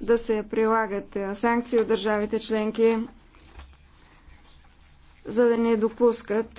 да се прилагат санкции от държавите членки, за да не допускат